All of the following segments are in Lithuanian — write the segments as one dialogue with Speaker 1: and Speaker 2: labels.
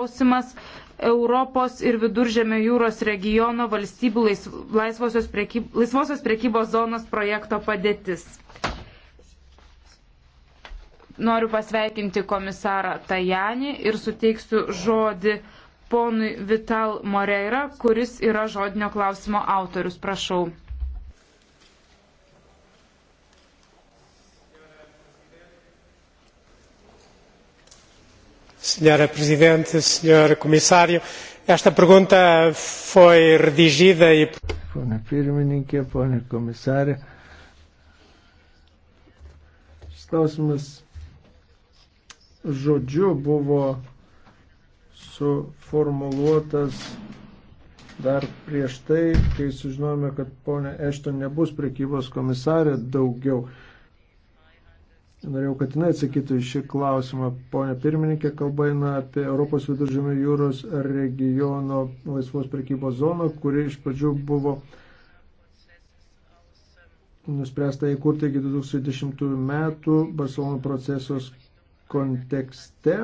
Speaker 1: klausimas Europos ir Viduržėmio jūros regiono valstybių laisvosios, priekyb, laisvosios priekybos zonos projekto padėtis. Noriu pasveikinti komisarą Tajanį ir suteiksiu žodį ponui Vital Moreira, kuris yra žodinio klausimo autorius. Prašau.
Speaker 2: Senhora Presidente, Senhor Comissário, esta pergunta foi redigida e. Pone pirmininkė, pone komisarė. Šis klausimas žodžiu buvo suformuluotas dar prieš tai, kai sužinojome, kad ponė Ešton nebus prekybos komisarė daugiau. Norėjau, kad jinai atsakytų į šį klausimą. Pone pirmininkė, kalba eina apie Europos viduržėmio jūros regiono laisvos prekybos zoną, kuri iš pradžių buvo nuspręsta įkurti iki 2010 metų Barcelona procesos kontekste.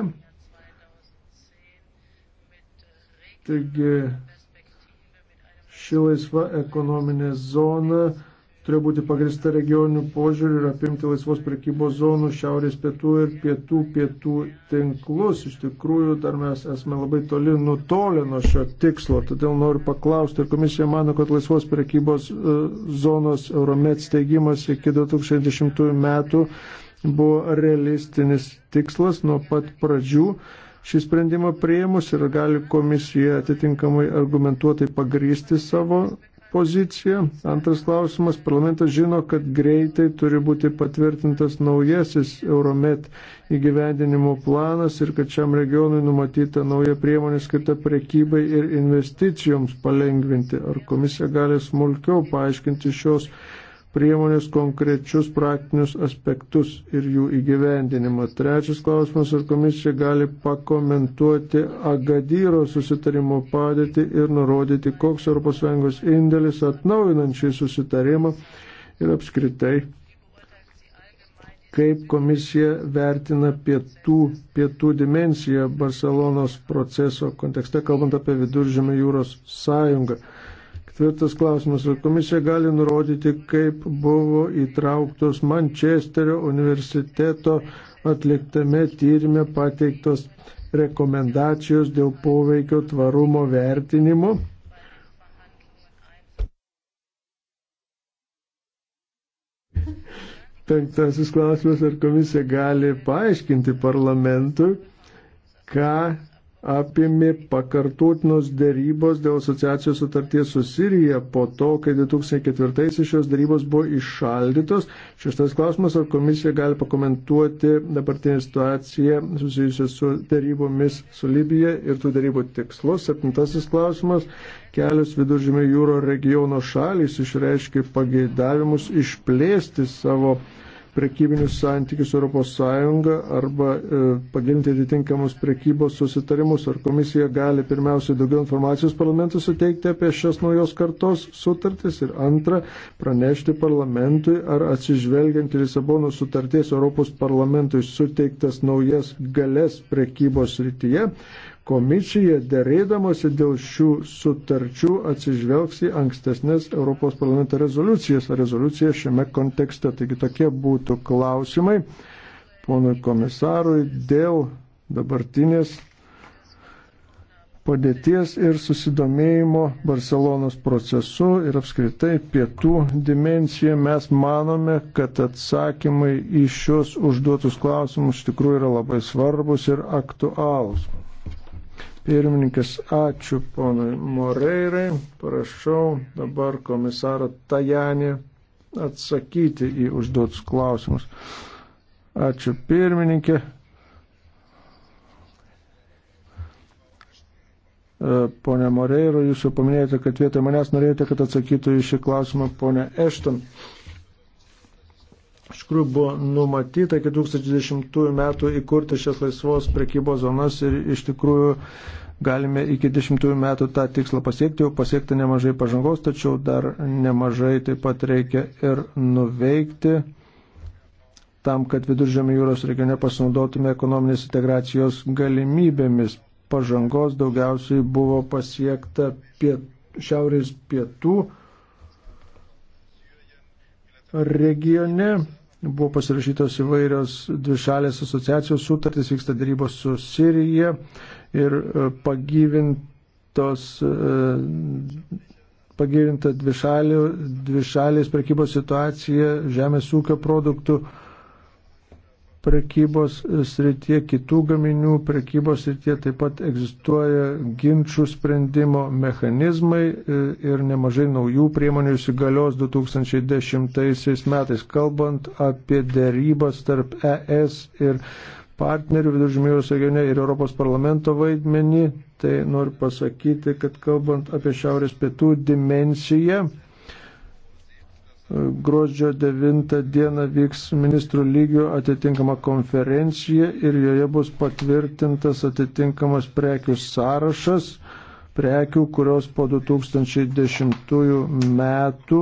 Speaker 2: Taigi ši laisva ekonominė zona turėjo būti pagrista regioniniu požiūriu ir apimti laisvos prekybos zonų šiaurės pietų ir pietų pietų tinklus. Iš tikrųjų, dar mes esame labai toli nutolę nuo šio tikslo, todėl noriu paklausti, ar komisija mano, kad laisvos prekybos e, zonos Euromet steigimas iki 2010 metų buvo realistinis tikslas nuo pat pradžių šį sprendimą prieimus ir gali komisija atitinkamai argumentuotai pagrysti savo poziciją. Antras klausimas. Parlamentas žino, kad greitai turi būti patvirtintas naujasis Euromet įgyvendinimo planas ir kad šiam regionui numatyta nauja priemonė skirta prekybai ir investicijoms palengvinti. Ar komisija gali smulkiau paaiškinti šios priemonės konkrečius praktinius aspektus ir jų įgyvendinimą. Trečias klausimas, ar komisija gali pakomentuoti Agadyro susitarimo padėtį ir nurodyti, koks ES indėlis atnaujinančiai susitarimą ir apskritai, kaip komisija vertina pietų, pietų dimensiją Barcelonos proceso kontekste, kalbant apie viduržėmę jūros sąjungą. Tvirtas klausimas, ar komisija gali nurodyti, kaip buvo įtrauktos Mančesterio universiteto atliktame tyrimė pateiktos rekomendacijos dėl poveikio tvarumo vertinimo? Penktasis klausimas, ar komisija gali paaiškinti parlamentui, ką apimi pakartotinos dėrybos dėl asociacijos sutarties su Sirija po to, kai 2004 šios dėrybos buvo išaldytos. Šeštas klausimas, ar komisija gali pakomentuoti dabartinę situaciją susijusią su dėrybomis su Libija ir tų dėrybų tikslus. Septintasis klausimas, kelios viduržymio jūro regiono šalys išreiškia pageidavimus išplėsti savo prekybinius santykius ES arba e, pagilinti atitinkamus prekybos susitarimus. Ar komisija gali pirmiausiai daugiau informacijos parlamentui suteikti apie šias naujos kartos sutartis ir antra, pranešti parlamentui, ar atsižvelgiant į Lisabono sutarties Europos parlamentui suteiktas naujas galės prekybos rytyje, Komisija dėrėdamosi dėl šių sutarčių atsižvelgs į ankstesnės Europos parlamento rezoliucijas, rezoliuciją šiame kontekste. Taigi tokie būtų klausimai ponui komisarui dėl dabartinės padėties ir susidomėjimo Barcelonos procesu ir apskritai pietų dimencija. Mes manome, kad atsakymai į šios užduotus klausimus iš tikrųjų yra labai svarbus ir aktualūs. Pirmininkas, ačiū ponui Moreirai. Prašau dabar komisarą Tajanį atsakyti į užduotus klausimus. Ačiū pirmininkė. E, pone Moreiro, jūs jau paminėjote, kad vietoj manęs norėjote, kad atsakytų į šį klausimą ponė Ešton iš tikrųjų buvo numatyta iki 2020 metų įkurti šias laisvos prekybos zonas ir iš tikrųjų galime iki 10 metų tą tikslą pasiekti, jau pasiekti nemažai pažangos, tačiau dar nemažai taip pat reikia ir nuveikti tam, kad viduržėmio jūros regione pasinaudotume ekonominės integracijos galimybėmis. Pažangos daugiausiai buvo pasiekta piet, šiaurės pietų regione Buvo pasirašytos įvairios dvišalės asociacijos sutartys, vyksta darybos su Sirija ir e, pagyvintos, e, pagyvinta dvišalės dvi prekybos situacija žemės ūkio produktų prekybos srityje, kitų gaminių prekybos srityje taip pat egzistuoja ginčių sprendimo mechanizmai e, ir nemažai naujų priemonių įsigalios 2010 metais. Kalbant apie dėrybas tarp ES ir partnerių viduržymėjus regione ir Europos parlamento vaidmenį, tai noriu pasakyti, kad kalbant apie šiaurės pietų dimensiją, Gruodžio 9 dieną vyks ministrų lygio atitinkama konferencija ir joje bus patvirtintas atitinkamas prekių sąrašas, prekių, kurios po 2010 metų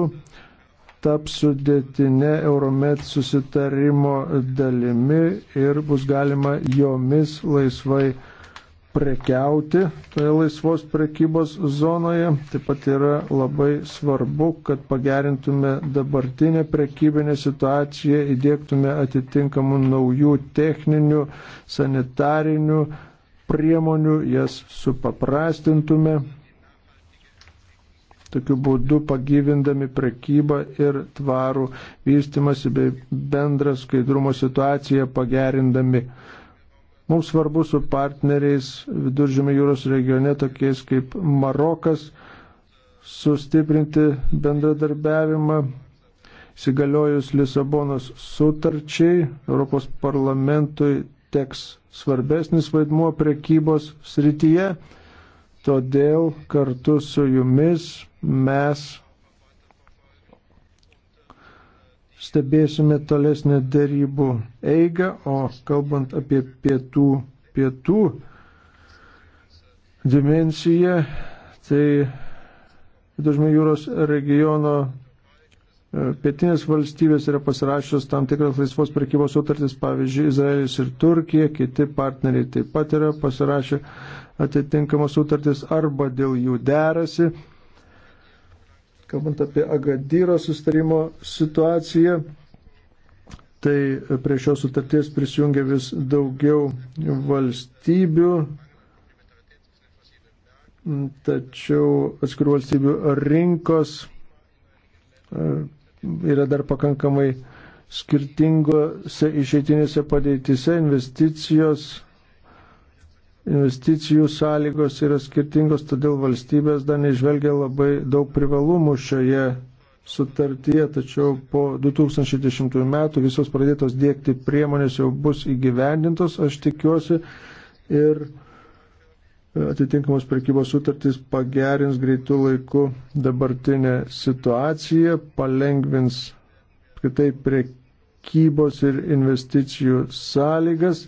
Speaker 2: taps sudėtinė Euromet susitarimo dalimi ir bus galima jomis laisvai prekiauti toje laisvos prekybos zonoje. Taip pat yra labai svarbu, kad pagerintume dabartinę prekybinę situaciją, įdėktume atitinkamų naujų techninių, sanitarinių priemonių, jas supaprastintume. Tokiu būdu pagyvindami prekybą ir tvarų vystimasi bei bendrą skaidrumo situaciją pagerindami Mums svarbu su partneriais viduržėmio jūros regione, tokiais kaip Marokas, sustiprinti bendradarbiavimą. Įsigaliojus Lisabonos sutarčiai, Europos parlamentui teks svarbesnis vaidmuo prekybos srityje, todėl kartu su jumis mes stebėsime tolesnę darybų eigą, o kalbant apie pietų, pietų dimensiją, tai Viduržmė jūros regiono e, pietinės valstybės yra pasirašęs tam tikras laisvos prekybos sutartis, pavyzdžiui, Izraelis ir Turkija, kiti partneriai taip pat yra pasirašę atitinkamas sutartis arba dėl jų derasi. Kalbant apie Agadyro sustarimo situaciją, tai prie šios sutarties prisijungia vis daugiau valstybių, tačiau atskirų valstybių rinkos e, yra dar pakankamai skirtingose išeitinėse padėtise investicijos investicijų sąlygos yra skirtingos, todėl valstybės dar neižvelgia labai daug privalumų šioje sutartyje, tačiau po 2010 metų visos pradėtos dėkti priemonės jau bus įgyvendintos, aš tikiuosi, ir atitinkamos prekybos sutartys pagerins greitų laikų dabartinę situaciją, palengvins kitai prekybos ir investicijų sąlygas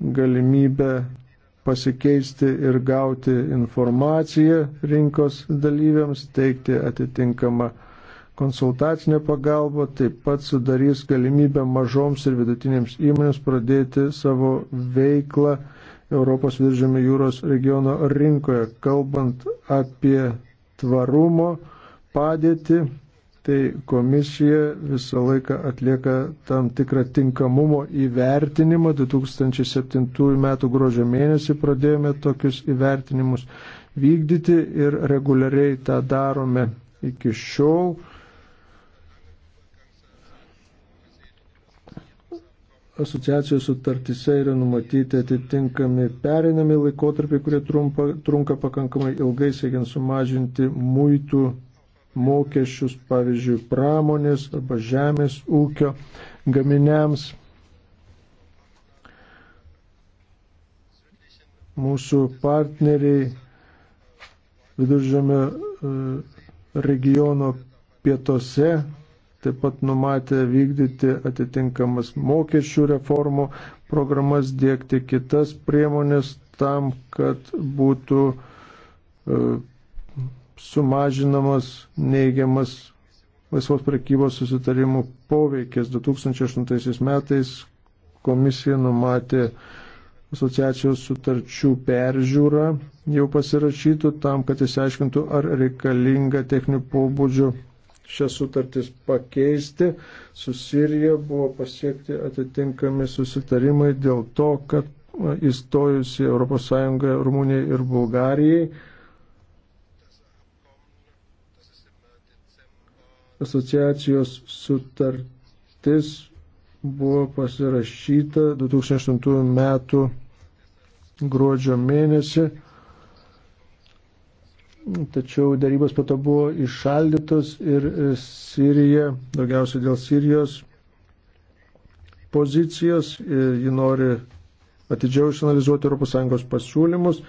Speaker 2: galimybę pasikeisti ir gauti informaciją rinkos dalyviams, teikti atitinkamą konsultacinę pagalbą, taip pat sudarys galimybę mažoms ir vidutinėms įmonėms pradėti savo veiklą Europos viržėmio jūros regiono rinkoje. Kalbant apie tvarumo padėtį, tai komisija visą laiką atlieka tam tikrą tinkamumo įvertinimą. 2007 m. gruodžio mėnesį pradėjome tokius įvertinimus vykdyti ir reguliariai tą darome iki šiol. Asociacijos sutartise yra numatyti atitinkami perinami laikotarpiai, kurie trumpa, trunka pakankamai ilgai, siekiant sumažinti muitų mokesčius, pavyzdžiui, pramonės arba žemės ūkio gaminiams. Mūsų partneriai viduržėme regiono pietose taip pat numatė vykdyti atitinkamas mokesčių reformų programas, dėkti kitas priemonės tam, kad būtų e, sumažinamas neigiamas laisvos prekybos susitarimų poveikis. 2008 metais komisija numatė asociacijos sutarčių peržiūrą jau pasirašytų tam, kad įsiaiškintų, ar reikalinga techninių pobūdžių šias sutartis pakeisti. Su Sirija buvo pasiekti atitinkami susitarimai dėl to, kad įstojus į ES Rumunijai ir Bulgarijai asociacijos sutartis buvo pasirašyta 2008 metų gruodžio mėnesį, tačiau darybos pato buvo išaldytos ir Sirija, daugiausiai dėl Sirijos pozicijos, ji nori atidžiau išanalizuoti ES pasiūlymus.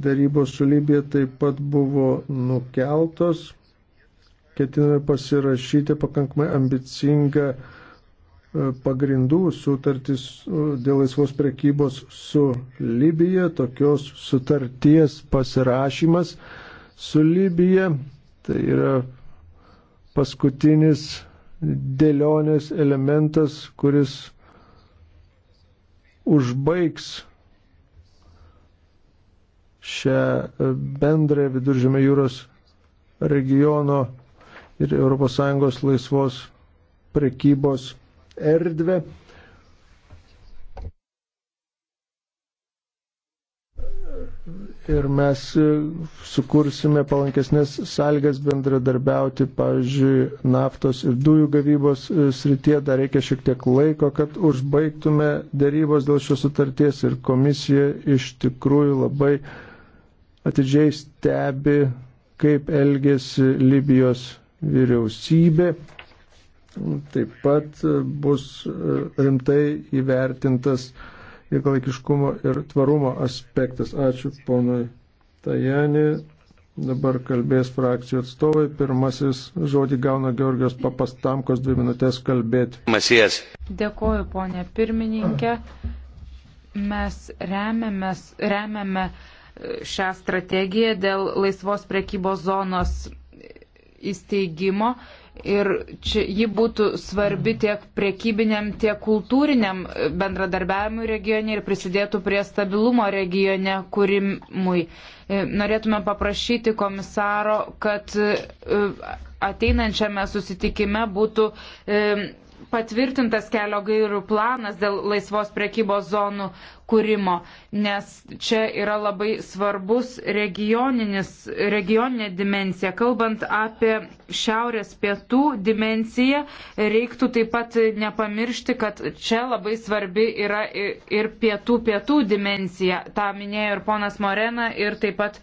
Speaker 2: Darybos su Libija taip pat buvo nukeltos ketiname pasirašyti pakankamai ambicingą e, pagrindų sutartis e, dėl laisvos prekybos su Libija. Tokios sutarties pasirašymas su Libija tai yra paskutinis dėlionės elementas, kuris užbaigs šią e, bendrąją viduržėmio jūros regiono ir ES laisvos prekybos erdvę. Ir mes sukursime palankesnės sąlygas bendradarbiauti, pavyzdžiui, naftos ir dujų gavybos e, srityje. Dar reikia šiek tiek laiko, kad užbaigtume dėrybos dėl šios sutarties ir komisija iš tikrųjų labai atidžiai stebi, kaip elgėsi Libijos vyriausybė. Taip pat e, bus e, rimtai įvertintas ilgalaikiškumo ir tvarumo aspektas. Ačiū ponui Tajani. Dabar kalbės frakcijų atstovai. Pirmasis žodį gauna Georgijos papastamkos dvi minutės kalbėti. Masijas.
Speaker 1: Dėkoju, ponė pirmininkė. Mes remiamės, remiame e, šią strategiją dėl laisvos prekybos zonos įsteigimo ir čia ji būtų svarbi tiek prekybiniam, tiek kultūriniam bendradarbiavimui regione ir prisidėtų prie stabilumo regione kūrimui. E, norėtume paprašyti komisaro, kad e, ateinančiame susitikime būtų e, patvirtintas kelio gairių planas dėl laisvos prekybos zonų kūrimo, nes čia yra labai svarbus regioninė dimensija. Kalbant apie šiaurės pietų dimensiją, reiktų taip pat nepamiršti, kad čia labai svarbi yra ir pietų pietų dimensija. Ta minėjo ir ponas Morena, ir taip pat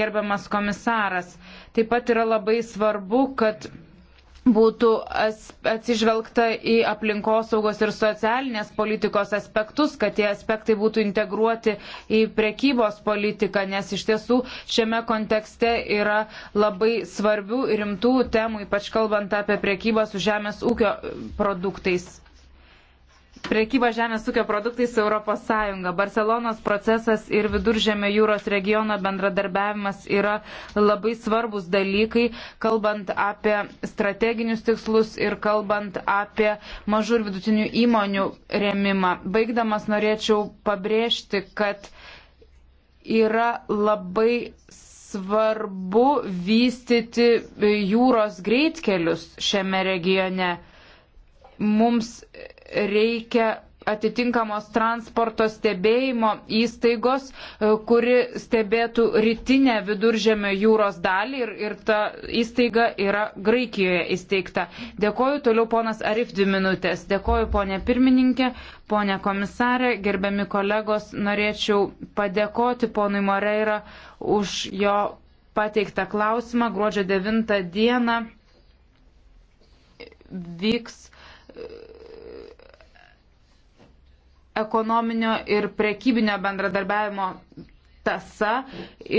Speaker 1: gerbiamas komisaras. Taip pat yra labai svarbu, kad būtų atsižvelgta į aplinkosaugos ir socialinės politikos aspektus, kad tie aspektai būtų integruoti į prekybos politiką, nes iš tiesų šiame kontekste yra labai svarbių ir rimtų temų, ypač kalbant apie prekybą su žemės ūkio produktais. Priekyba žemės ūkio produktais Europos Sąjunga. Barcelonos procesas ir viduržėmio jūros regiono bendradarbiavimas yra labai svarbus dalykai, kalbant apie strateginius tikslus ir kalbant apie mažų ir vidutinių įmonių remimą. Baigdamas norėčiau pabrėžti, kad yra labai svarbu vystyti jūros greitkelius šiame regione mums reikia atitinkamos transporto stebėjimo įstaigos, e, kuri stebėtų rytinę viduržėmio jūros dalį ir, ir ta įstaiga yra Graikijoje įsteigta. Dėkoju toliau ponas Arif dvi minutės. Dėkoju ponė pirmininkė, ponė komisarė, gerbiami kolegos, norėčiau padėkoti ponui Moreira už jo pateiktą klausimą. Gruodžio 9 dieną vyks ekonominio ir prekybinio bendradarbiavimo tasa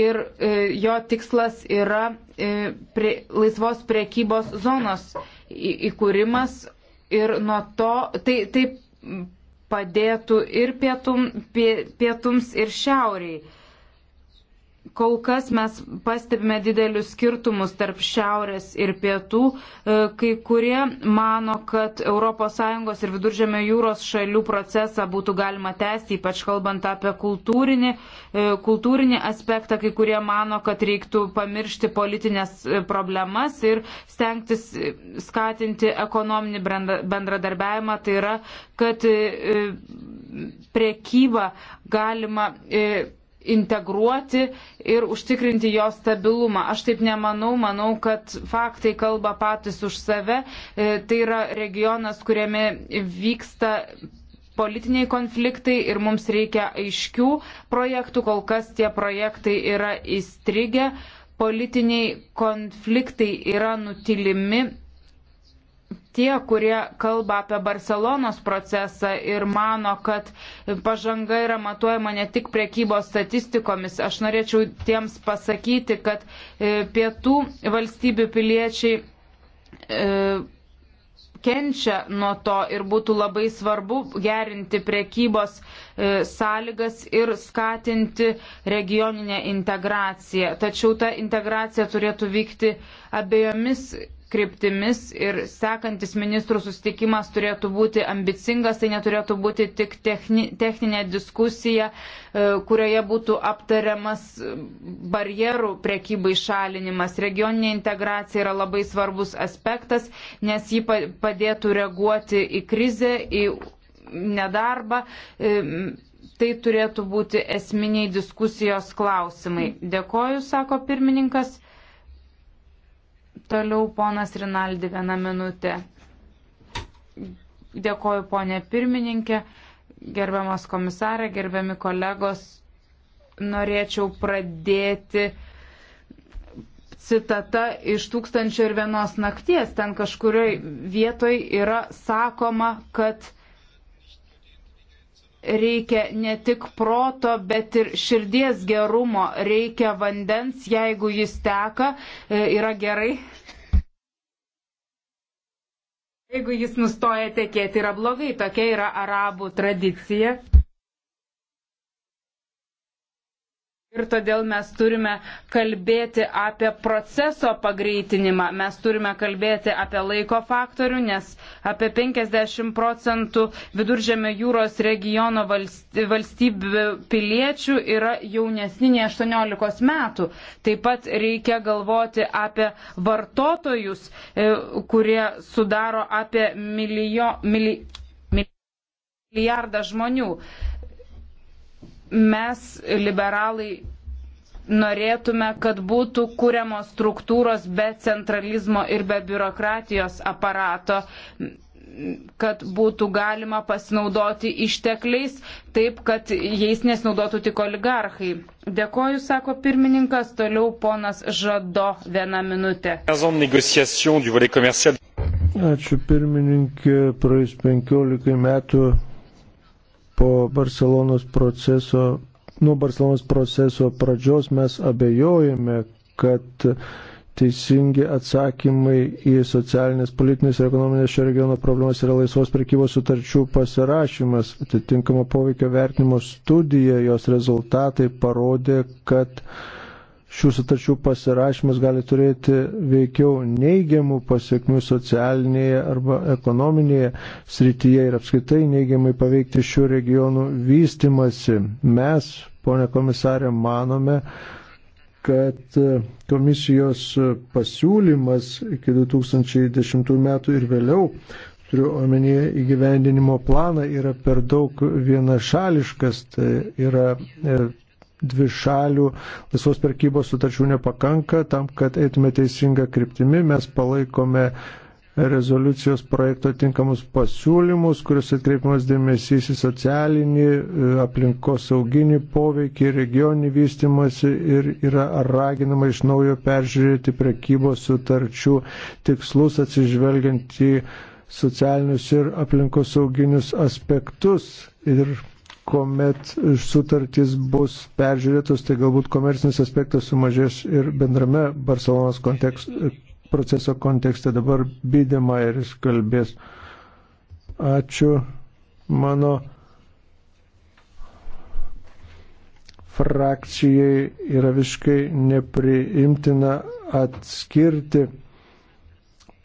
Speaker 1: ir e, jo tikslas yra e, prie, laisvos prekybos zonos įkūrimas ir nuo to tai, tai padėtų ir pietum, pie, pietums, ir šiauriai. Kol kas mes pastebime didelius skirtumus tarp šiaurės ir pietų. E, kai kurie mano, kad ES ir viduržėmio jūros šalių procesą būtų galima tęsti, ypač kalbant apie kultūrinį, e, kultūrinį aspektą. Kai kurie mano, kad reiktų pamiršti politinės e, problemas ir stengtis skatinti ekonominį bendradarbiavimą. Tai yra, kad prekyba galima integruoti ir užtikrinti jo stabilumą. Aš taip nemanau, manau, kad faktai kalba patys už save. E, tai yra regionas, kuriame vyksta politiniai konfliktai ir mums reikia aiškių projektų. Kol kas tie projektai yra įstrigę, politiniai konfliktai yra nutilimi tie, kurie kalba apie Barcelonos procesą ir mano, kad pažanga yra matuojama ne tik prekybos statistikomis. Aš norėčiau tiems pasakyti, kad e, pietų valstybių piliečiai e, kenčia nuo to ir būtų labai svarbu gerinti prekybos e, sąlygas ir skatinti regioninę integraciją. Tačiau ta integracija turėtų vykti abiejomis kryptimis ir sekantis ministrų susitikimas turėtų būti ambicingas, tai neturėtų būti tik techni, techninė diskusija, e, kurioje būtų aptariamas barjerų prekybai šalinimas. Regioninė integracija yra labai svarbus aspektas, nes ji padėtų reaguoti į krizę, į nedarbą. E, tai turėtų būti esminiai diskusijos klausimai. Dėkoju, sako pirmininkas. Toliau ponas Rinaldi vieną minutę. Dėkoju ponė pirmininkė, gerbiamas komisarė, gerbiami kolegos. Norėčiau pradėti citata iš tūkstančio ir vienos nakties. Ten kažkurioj vietoj yra sakoma, kad reikia ne tik proto, bet ir širdies gerumo, reikia vandens, jeigu jis teka, e, yra gerai, Jeigu jis nustoja tekėti, yra blogai. Tokia yra arabų tradicija. Ir todėl mes turime kalbėti apie proceso pagreitinimą, mes turime kalbėti apie laiko faktorių, nes apie 50 procentų viduržėmio jūros regiono valstybių piliečių yra jaunesni nei 18 metų. Taip pat reikia galvoti apie vartotojus, e, kurie sudaro apie milijo, mili, milijardą žmonių mes, liberalai, norėtume, kad būtų kūriamos struktūros be centralizmo ir be biurokratijos aparato kad būtų galima pasinaudoti ištekliais taip, kad jais nesinaudotų tik oligarchai. Dėkoju, sako pirmininkas, toliau ponas Žado vieną minutę.
Speaker 2: Ačiū pirmininkė, praeis 15 metų po Barcelonos proceso, nuo Barcelonos proceso pradžios mes abejojame, kad teisingi atsakymai į socialinės, politinės ir ekonominės šio regiono problemas yra laisvos prekybos sutarčių pasirašymas. Atitinkama poveikio vertinimo studija, jos rezultatai parodė, kad uh, šių sutarčių pasirašymas gali turėti veikiau neigiamų pasiekmių socialinėje arba ekonominėje srityje ir apskaitai neigiamai paveikti šių regionų vystimasi. Mes, ponė komisarė, manome, kad komisijos pasiūlymas iki 2010 metų ir vėliau, turiu omenyje įgyvendinimo planą, yra per daug vienašališkas, tai yra e, dvi šalių laisvos perkybos sutarčių nepakanka. Tam, kad eitume teisinga kryptimi, mes palaikome rezoliucijos projekto tinkamus pasiūlymus, kuris atkreipimas dėmesys į socialinį, e, aplinkos sauginį poveikį, regioninį vystimąsi ir yra raginama iš naujo peržiūrėti prekybos sutarčių tikslus atsižvelgiant į socialinius ir aplinkosauginius aspektus ir kuomet sutartys bus peržiūrėtos, tai galbūt komercinis aspektas sumažės ir bendrame Barcelonas kontekst, proceso kontekste. Dabar bydėma ir jis kalbės. Ačiū mano frakcijai yra visiškai nepriimtina atskirti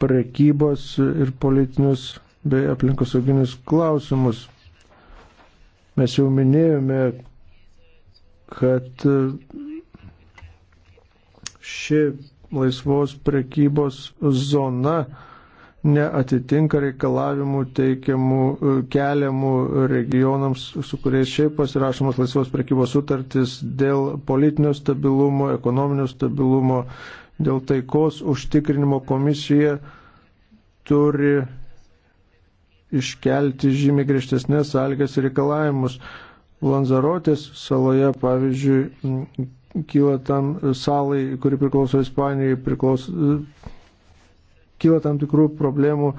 Speaker 2: prekybos ir politinius bei aplinkosauginius klausimus. Mes jau minėjome, kad e, ši laisvos prekybos zona neatitinka reikalavimų teikiamų e, keliamų regionams, su kuriais šiaip pasirašomas laisvos prekybos sutartis dėl politinio stabilumo, ekonominio stabilumo, dėl taikos užtikrinimo komisija turi iškelti žymiai griežtesnės sąlygas ir reikalavimus. Lanzarotės saloje, pavyzdžiui, kyla tam salai, kuri priklauso Ispanijai, priklauso, kyla tam tikrų problemų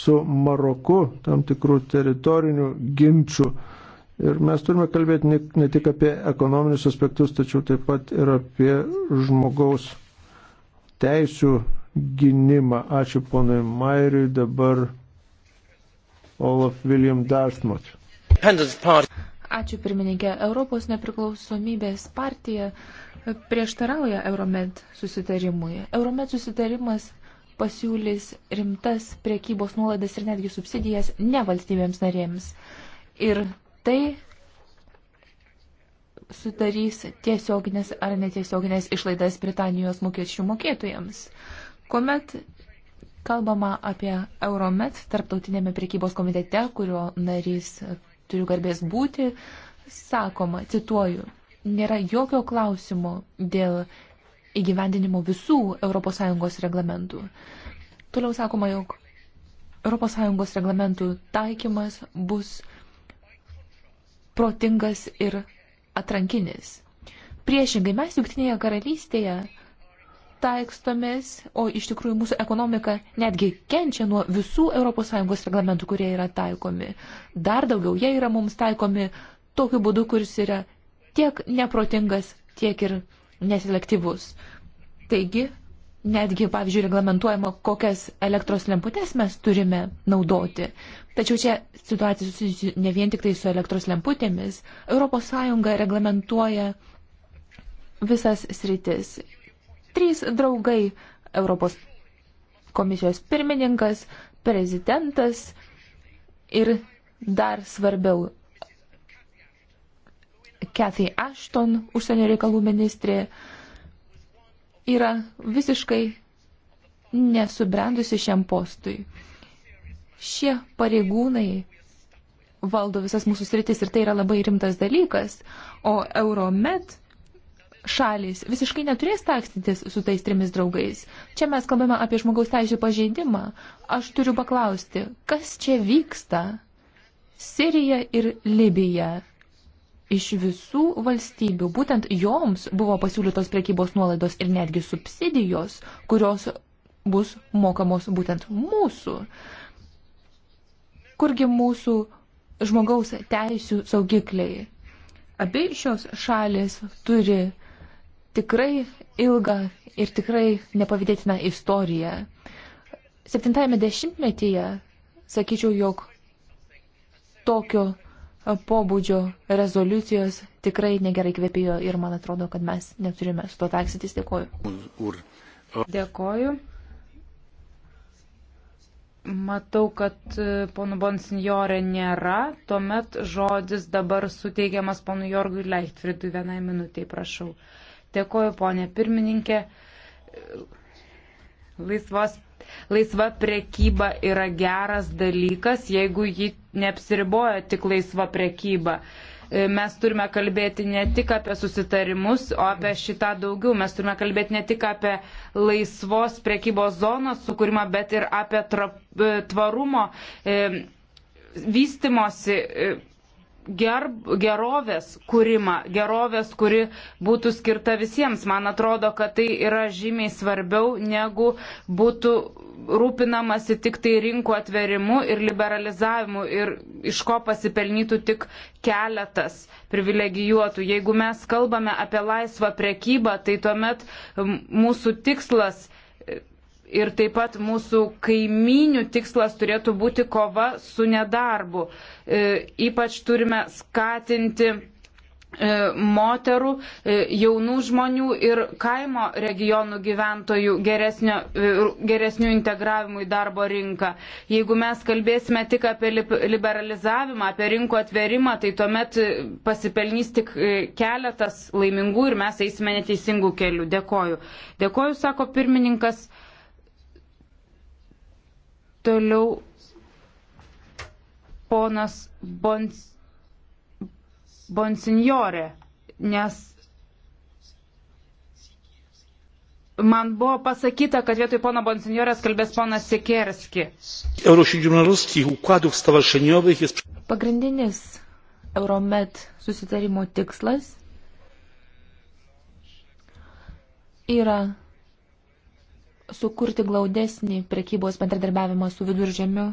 Speaker 2: su Maroku, tam tikrų teritorinių ginčių. Ir mes turime kalbėti ne, ne tik apie ekonominius aspektus, tačiau taip pat ir apie žmogaus teisų gynimą. Ačiū ponui Mairiui, dabar Olaf William Dartmouth.
Speaker 3: Ačiū pirmininkė. Europos nepriklausomybės partija prieštarauja Euromed susitarimui. Euromed susitarimas pasiūlys rimtas priekybos nuolaidas ir netgi subsidijas ne valstybėms narėms. Ir tai sudarys tiesioginės ar netiesioginės išlaidas Britanijos mokesčių mokėtojams. Komet Kalbama apie Euromet tarptautinėme priekybos komitete, kurio narys turiu garbės būti. Sakoma, cituoju, nėra jokio klausimo dėl įgyvendinimo visų ES reglamentų. Toliau sakoma, jog ES reglamentų taikymas bus protingas ir atrankinis. Priešingai mes Junktinėje karalystėje taikstomės, o iš tikrųjų mūsų ekonomika netgi kenčia nuo visų ES reglamentų, kurie yra taikomi. Dar daugiau, jie yra mums taikomi tokiu būdu, kuris yra tiek neprotingas, tiek ir neselektyvus. Taigi, netgi, pavyzdžiui, reglamentuojama, kokias elektros lemputės mes turime naudoti. Tačiau čia situacija susijusi ne vien tik tai su elektros lemputėmis. ES reglamentuoja visas sritis trys draugai - Europos komisijos pirmininkas, prezidentas ir dar svarbiau Kathy Ashton, užsienio reikalų ministrė, yra visiškai nesubrendusi šiam postui. Šie pareigūnai valdo visas mūsų sritis ir tai yra labai rimtas dalykas, o Euromet šalis visiškai neturės takstytis su tais trimis draugais. Čia mes kalbame apie žmogaus teisų pažeidimą. Aš turiu paklausti, kas čia vyksta? Sirija ir Libija. Iš visų valstybių būtent joms buvo pasiūlytos priekybos nuolaidos ir netgi subsidijos, kurios bus mokamos būtent mūsų. Kurgi mūsų žmogaus teisų saugikliai? Abi šios šalis turi tikrai ilgą ir tikrai nepavydėtiną istoriją. Septintajame dešimtmetyje sakyčiau, jog tokio pobūdžio rezoliucijos tikrai negerai kvepėjo ir man atrodo, kad mes neturime su to taksytis. Dėkoju. Dėkoju. Matau, kad e, ponų
Speaker 1: Bonsignorė nėra, tuomet žodis dabar suteikiamas ponų Jorgui Leichtfriedui vienai minutiai, prašau. Uh, Dėkoju, ponė pirmininkė. Laisvos, laisva prekyba yra geras dalykas, jeigu ji neapsiriboja tik laisva prekyba e, mes turime kalbėti ne tik apie susitarimus, o apie šitą daugiau. Mes turime kalbėti ne tik apie laisvos priekybos zonos sukūrimą, bet ir apie e, tvarumo e, vystimosi gerb, gerovės kūrimą, gerovės, kuri būtų skirta visiems. Man atrodo, kad tai yra žymiai svarbiau, negu būtų rūpinamasi tik tai rinkų atverimu ir liberalizavimu ir iš ko pasipelnytų tik keletas privilegijuotų. Jeigu mes kalbame apie laisvą prekybą, tai tuomet mūsų tikslas ir taip pat mūsų kaiminių tikslas turėtų būti kova su nedarbu. E, ypač turime skatinti e, moterų, e, jaunų žmonių ir kaimo regionų gyventojų geresnio, geresnių integravimų į darbo rinką. Jeigu mes kalbėsime tik apie liberalizavimą, apie rinko atverimą, tai tuomet pasipelnys tik keletas laimingų ir mes eisime neteisingų kelių. Dėkoju. Dėkoju, sako pirmininkas. Toliau ponas Bons, Bonsignorė, nes man buvo pasakyta, kad vietoj pono Bonsignorės kalbės ponas Sikerski.
Speaker 3: Pagrindinis Euromet susitarimo tikslas yra sukurti glaudesnį prekybos bendradarbiavimą su viduržėmiu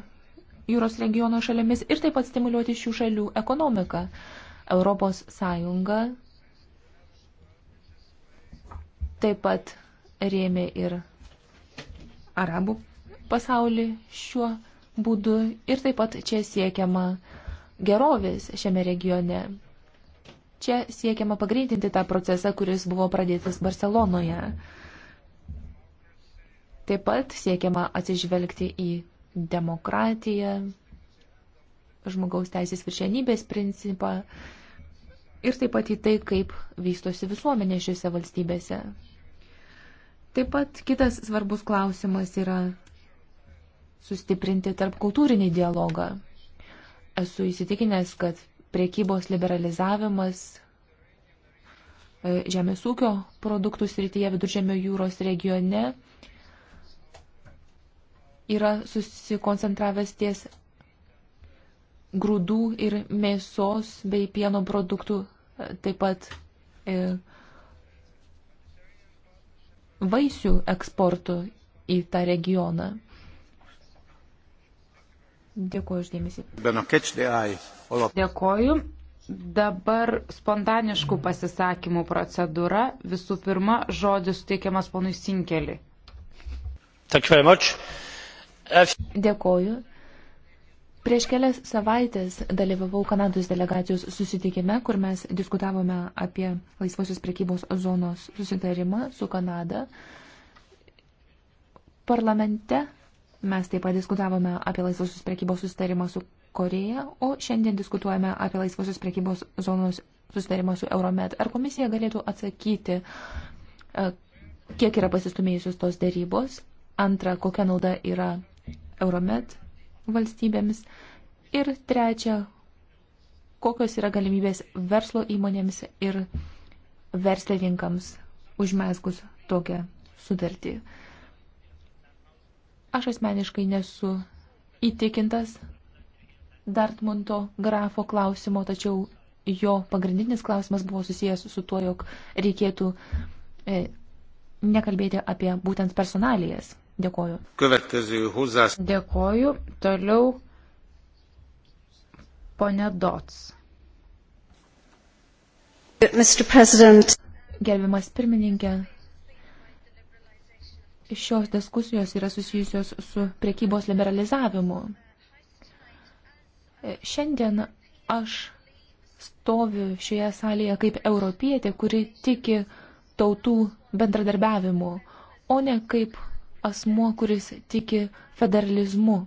Speaker 3: jūros regiono šalimis ir taip pat stimuliuoti šių šalių ekonomiką. Europos Sąjunga taip pat rėmė ir arabų pasaulį šiuo būdu ir taip pat čia siekiama gerovės šiame regione. Čia siekiama pagreitinti tą procesą, kuris buvo pradėtas Barcelonoje. Taip pat siekiama atsižvelgti į demokratiją, žmogaus teisės viršienybės principą ir taip pat į tai, kaip vystosi visuomenė šiuose valstybėse. Taip pat kitas svarbus klausimas yra sustiprinti tarp kultūrinį dialogą. Esu įsitikinęs, kad priekybos liberalizavimas e, žemės ūkio produktų srityje viduržėmio jūros regione yra susikoncentravęs ties grūdų ir mėsos bei pieno produktų, e, taip pat e, vaisių eksportų į tą regioną. Dėkuoju
Speaker 2: uždėmesi.
Speaker 1: Dėkuoju. Dabar spontaniškų pasisakymų procedūra. Visų pirma, žodis suteikiamas ponui Sinkeliui.
Speaker 3: Thank you very much. Dėkoju. Prieš kelias savaitės dalyvavau Kanados delegacijos susitikime, kur mes diskutavome apie laisvosios prekybos zonos susitarimą su Kanada. Parlamente mes taip pat diskutavome apie laisvosios prekybos susitarimą su Koreja, o šiandien diskutuojame apie laisvosios prekybos zonos susitarimą su Euromet. Ar komisija galėtų atsakyti, e, kiek yra pasistumėjusios tos darybos? Antra, kokia nauda yra Euromet valstybėmis. Ir trečia, kokios yra galimybės verslo įmonėms ir verslininkams užmesgus tokią sutartį. Aš asmeniškai nesu įtikintas Dartmunto grafo klausimo, tačiau jo pagrindinis klausimas buvo susijęs su tuo, jog reikėtų e, nekalbėti apie būtent personalijas. Dėkoju. Dėkoju. Toliau ponė Dots. Gerbiamas pirmininkė, šios diskusijos yra susijusios su priekybos liberalizavimu. Šiandien aš stoviu šioje salėje kaip europietė, kuri tiki tautų bendradarbiavimu, o ne kaip asmuo, kuris tiki federalizmu,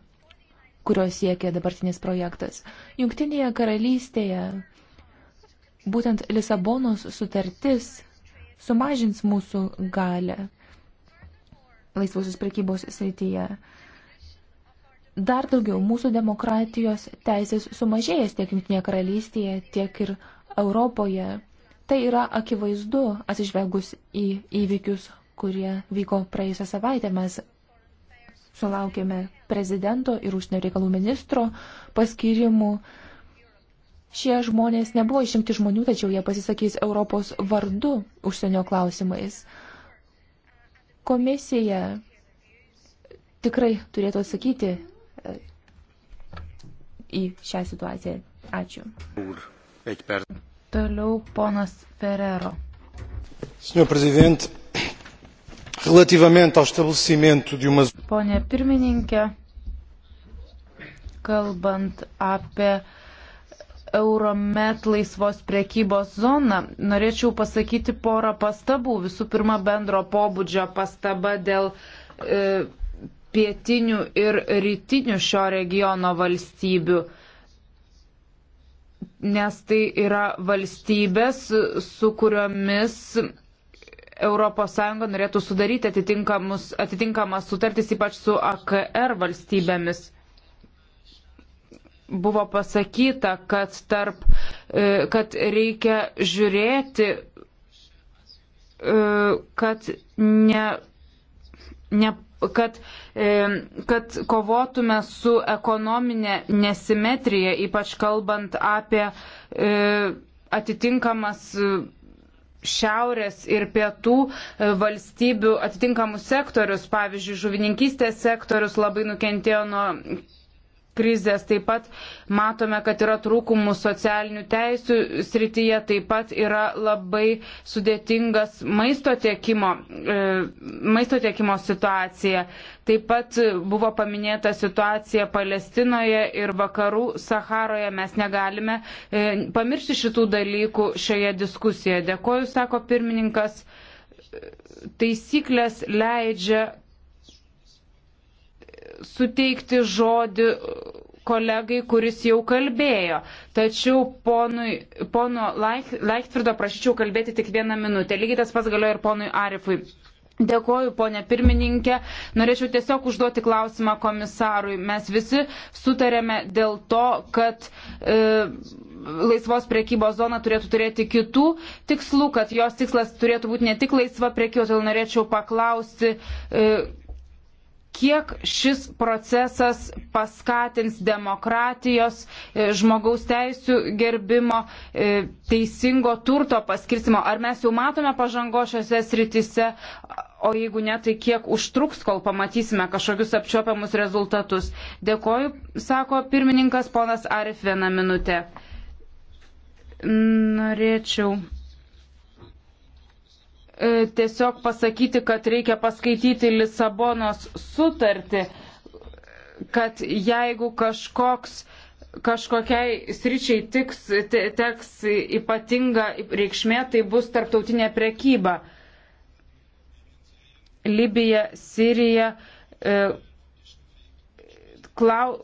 Speaker 3: kurio siekia dabartinis projektas. Jungtinėje karalystėje būtent Lisabonos sutartis sumažins mūsų galę laisvosios prekybos srityje. Dar daugiau mūsų demokratijos teisės sumažėjęs tiek Junktinėje karalystėje, tiek ir Europoje. Tai yra akivaizdu, atsižvelgus į įvykius kurie vyko praėjusią savaitę. Mes sulaukėme prezidento ir užsienio reikalų ministro paskirimų. Šie žmonės nebuvo išimti žmonių, tačiau jie pasisakys Europos vardu užsienio klausimais. Komisija tikrai turėtų atsakyti e, į šią situaciją. Ačiū. Toliau ponas Ferrero.
Speaker 2: Senor prezident, Relativamente ao estabelecimento de uma.
Speaker 1: Pone pirmininkė, kalbant apie Euromet laisvos priekybos zoną, norėčiau pasakyti porą pastabų. Visų pirma, bendro pobūdžio pastaba dėl e, pietinių ir rytinių šio regiono valstybių. Nes tai yra valstybės, su kuriomis ES norėtų sudaryti atitinkamas sutartis, ypač su AKR valstybėmis. Buvo pasakyta, kad, tarp, e, kad reikia žiūrėti, e, kad ne. ne kad, e, kad kovotume su ekonominė nesimetrija, ypač kalbant apie atitinkamas šiaurės ir pietų e, valstybių atitinkamus sektorius, pavyzdžiui, žuvininkystės sektorius labai nukentėjo nuo krizės, taip pat matome, kad yra trūkumų socialinių teisų srityje, taip pat yra labai sudėtingas maisto tiekimo, e, maisto tiekimo situacija. Taip pat buvo paminėta situacija Palestinoje ir vakarų Saharoje. Mes negalime e, pamiršti šitų dalykų šioje diskusijoje. Dėkoju, sako pirmininkas. Taisyklės leidžia suteikti žodį kolegai, kuris jau kalbėjo. Tačiau ponui, pono Leichtfrido prašyčiau kalbėti tik vieną minutę. Lygiai tas pats galioja ir ponui Arifui. Dėkoju, ponė pirmininkė. Norėčiau tiesiog užduoti klausimą komisarui. Mes visi sutarėme dėl to, kad e, laisvos priekybos zona turėtų turėti kitų tikslų, kad jos tikslas turėtų būti ne tik laisva priekyba. Todėl norėčiau paklausti. E, kiek šis procesas paskatins demokratijos, e, žmogaus teisų gerbimo, e, teisingo turto paskirstimo. Ar mes jau matome pažango šiose sritise, o jeigu ne, tai kiek užtruks, kol pamatysime kažkokius apčiopiamus rezultatus. Dėkoju, sako pirmininkas ponas Arif vieną minutę. Norėčiau E, tiesiog pasakyti, kad reikia paskaityti Lisabonos sutartį, kad jeigu kažkoks kažkokiai sričiai tiks, te, teks ypatinga reikšmė, tai bus tarptautinė prekyba. Libija, Sirija, e, klau,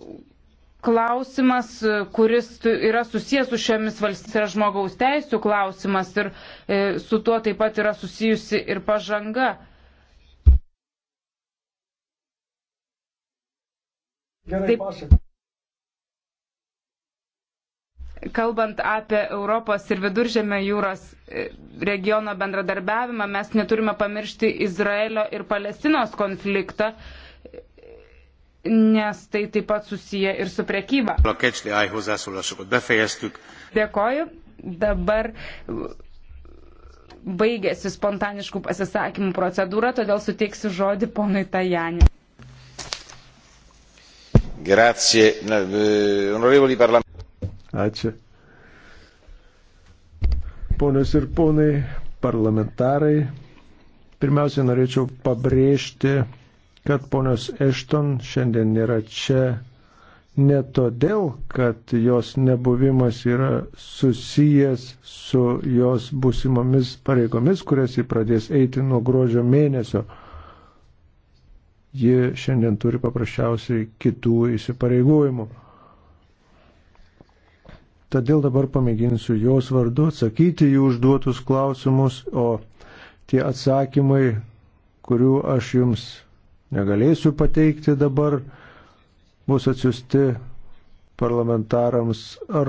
Speaker 1: klausimas, kuris yra susijęs su šiomis valstybėmis, yra žmogaus teisų klausimas ir e, su tuo taip pat yra susijusi ir pažanga. Gerai, taip, pasakai kalbant apie Europos ir Viduržėmio jūros e, regiono bendradarbiavimą, mes neturime pamiršti Izraelio ir Palestinos konfliktą, nes tai taip pat susiję ir su prekyba. Dėkoju. Dabar baigėsi spontaniškų pasisakymų procedūra, todėl suteiksiu žodį ponui Tajanį.
Speaker 2: Grazie, e, onorevoli parlamentarai. Ačiū. Ponios ir ponai parlamentarai, pirmiausia norėčiau pabrėžti kad ponios Ešton šiandien nėra čia ne todėl, kad jos nebuvimas yra susijęs su jos būsimomis pareigomis, kurias jį pradės eiti nuo gruodžio mėnesio. Ji šiandien turi paprasčiausiai kitų įsipareigojimų. Todėl dabar pamėginsiu jos vardu atsakyti jų užduotus klausimus, o tie atsakymai, kurių aš jums negalėsiu pateikti dabar. Mūsų atsiusti parlamentarams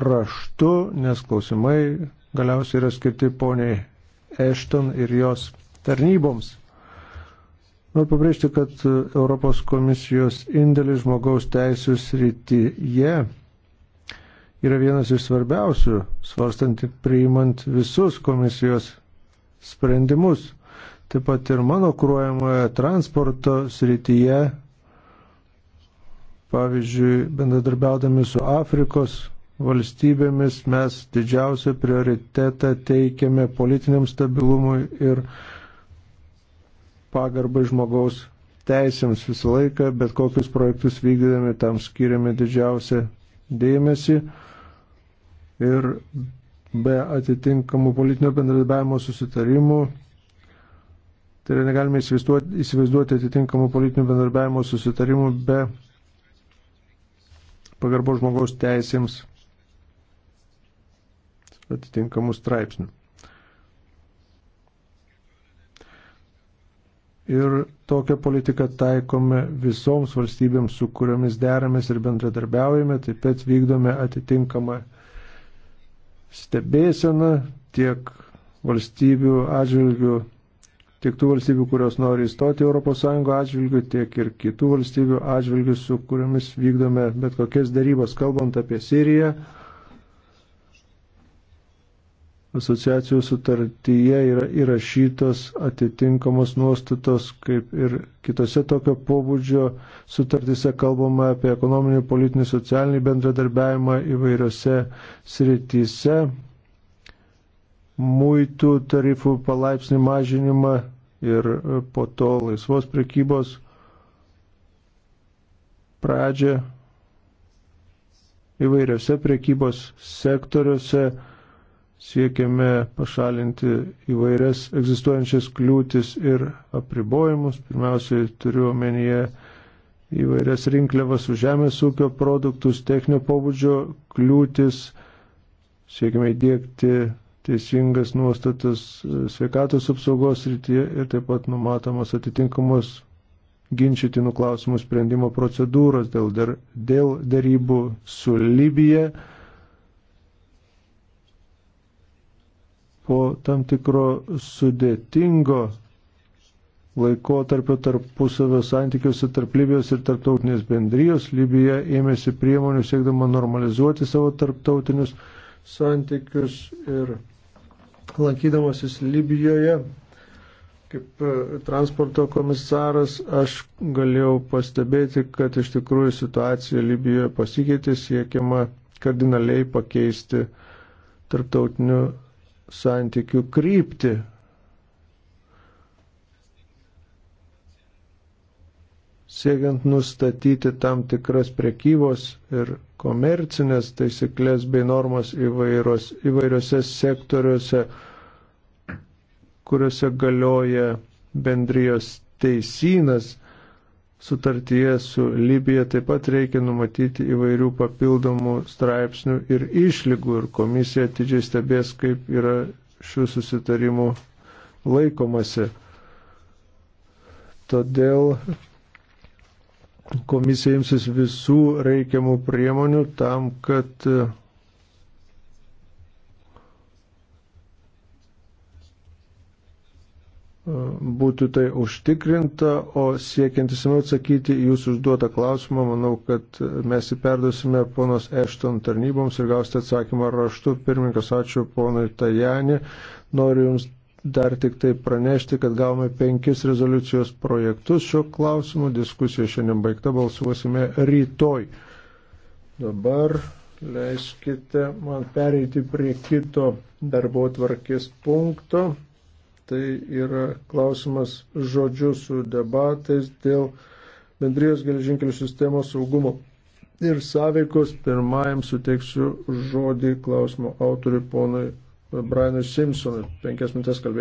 Speaker 2: raštu, nes klausimai galiausiai yra skirti poniai Ešton ir jos tarnyboms. Noriu pabrėžti, kad Europos komisijos indėlis žmogaus teisų srityje yra vienas iš svarbiausių, svarstant priimant visus komisijos sprendimus. Taip pat ir mano kruojamoje transporto srityje, pavyzdžiui, bendradarbiaudami su Afrikos valstybėmis mes didžiausią prioritetą teikiame politiniam stabilumui ir pagarbai žmogaus teisėms visą laiką, bet kokius projektus vykdydami tam skiriame didžiausią dėmesį ir be atitinkamų politinio bendradarbiavimo susitarimų Tai yra negalime įsivaizduoti, įsivaizduoti atitinkamų politinių bendarbiavimo susitarimų be pagarbo žmogaus teisėms atitinkamų straipsnių. Ir tokią politiką taikome visoms valstybėms, su kuriomis deramės ir bendradarbiaujame, taip pat vykdome atitinkamą stebėseną tiek valstybių atžvilgių tiek tų valstybių, kurios nori įstoti ES atžvilgių, tiek ir kitų valstybių atžvilgių, su kuriomis vykdome bet kokias darybas, kalbant apie Siriją. Asociacijų sutartyje yra įrašytos atitinkamos nuostatos, kaip ir kitose tokio pobūdžio sutartyse kalbama apie ekonominį, politinį, socialinį bendradarbiavimą įvairiose srityse muitų tarifų palaipsnį mažinimą ir e, po to laisvos prekybos pradžią įvairiose prekybos sektoriuose siekiame pašalinti įvairias egzistuojančias kliūtis ir apribojimus. Pirmiausiai turiu omenyje įvairias rinkliavas už žemės ūkio produktus, techninio pobūdžio kliūtis, siekime įdėkti teisingas nuostatas e, sveikatos apsaugos rytyje ir taip pat numatomos atitinkamos ginčytinų klausimų sprendimo procedūros dėl, dar, dėl darybų su Libija po tam tikro sudėtingo laikotarpio tarpusavio santykiuose tarp Libijos ir tarptautinės bendrijos. Libija ėmėsi priemonių siekdama normalizuoti savo tarptautinius santykius ir lankydamasis Libijoje, kaip e, transporto komisaras, aš galėjau pastebėti, kad iš tikrųjų situacija Libijoje pasikeitė siekiama kardinaliai pakeisti tarptautinių santykių kryptį. siekiant nustatyti tam tikras prekybos ir komercinės taisyklės bei normas įvairios, įvairiose sektoriuose, kuriuose galioja bendrijos teisynas. Sutartyje su Libija taip pat reikia numatyti įvairių papildomų straipsnių ir išlygų ir komisija atidžiai stebės, kaip yra šių susitarimų laikomasi. Todėl komisija imsis visų reikiamų priemonių tam, kad e, būtų tai užtikrinta, o siekiant įsimiau atsakyti į jūsų užduotą klausimą, manau, kad mes jį perduosime ponos Ešton tarnyboms ir gausite atsakymą raštu. Pirmininkas, ačiū ponui Tajani. Noriu Jums dar tik tai pranešti, kad gavome penkis rezoliucijos projektus šiuo klausimu. Diskusija šiandien baigta, balsuosime rytoj. Dabar leiskite man pereiti prie kito darbo tvarkės punkto. Tai yra klausimas žodžiu su debatais dėl bendrijos geležinkelių sistemos saugumo ir sąveikos. Pirmajam suteiksiu žodį klausimo autoriui ponui Brianui Simpsonui. Penkias minutės kalbėti.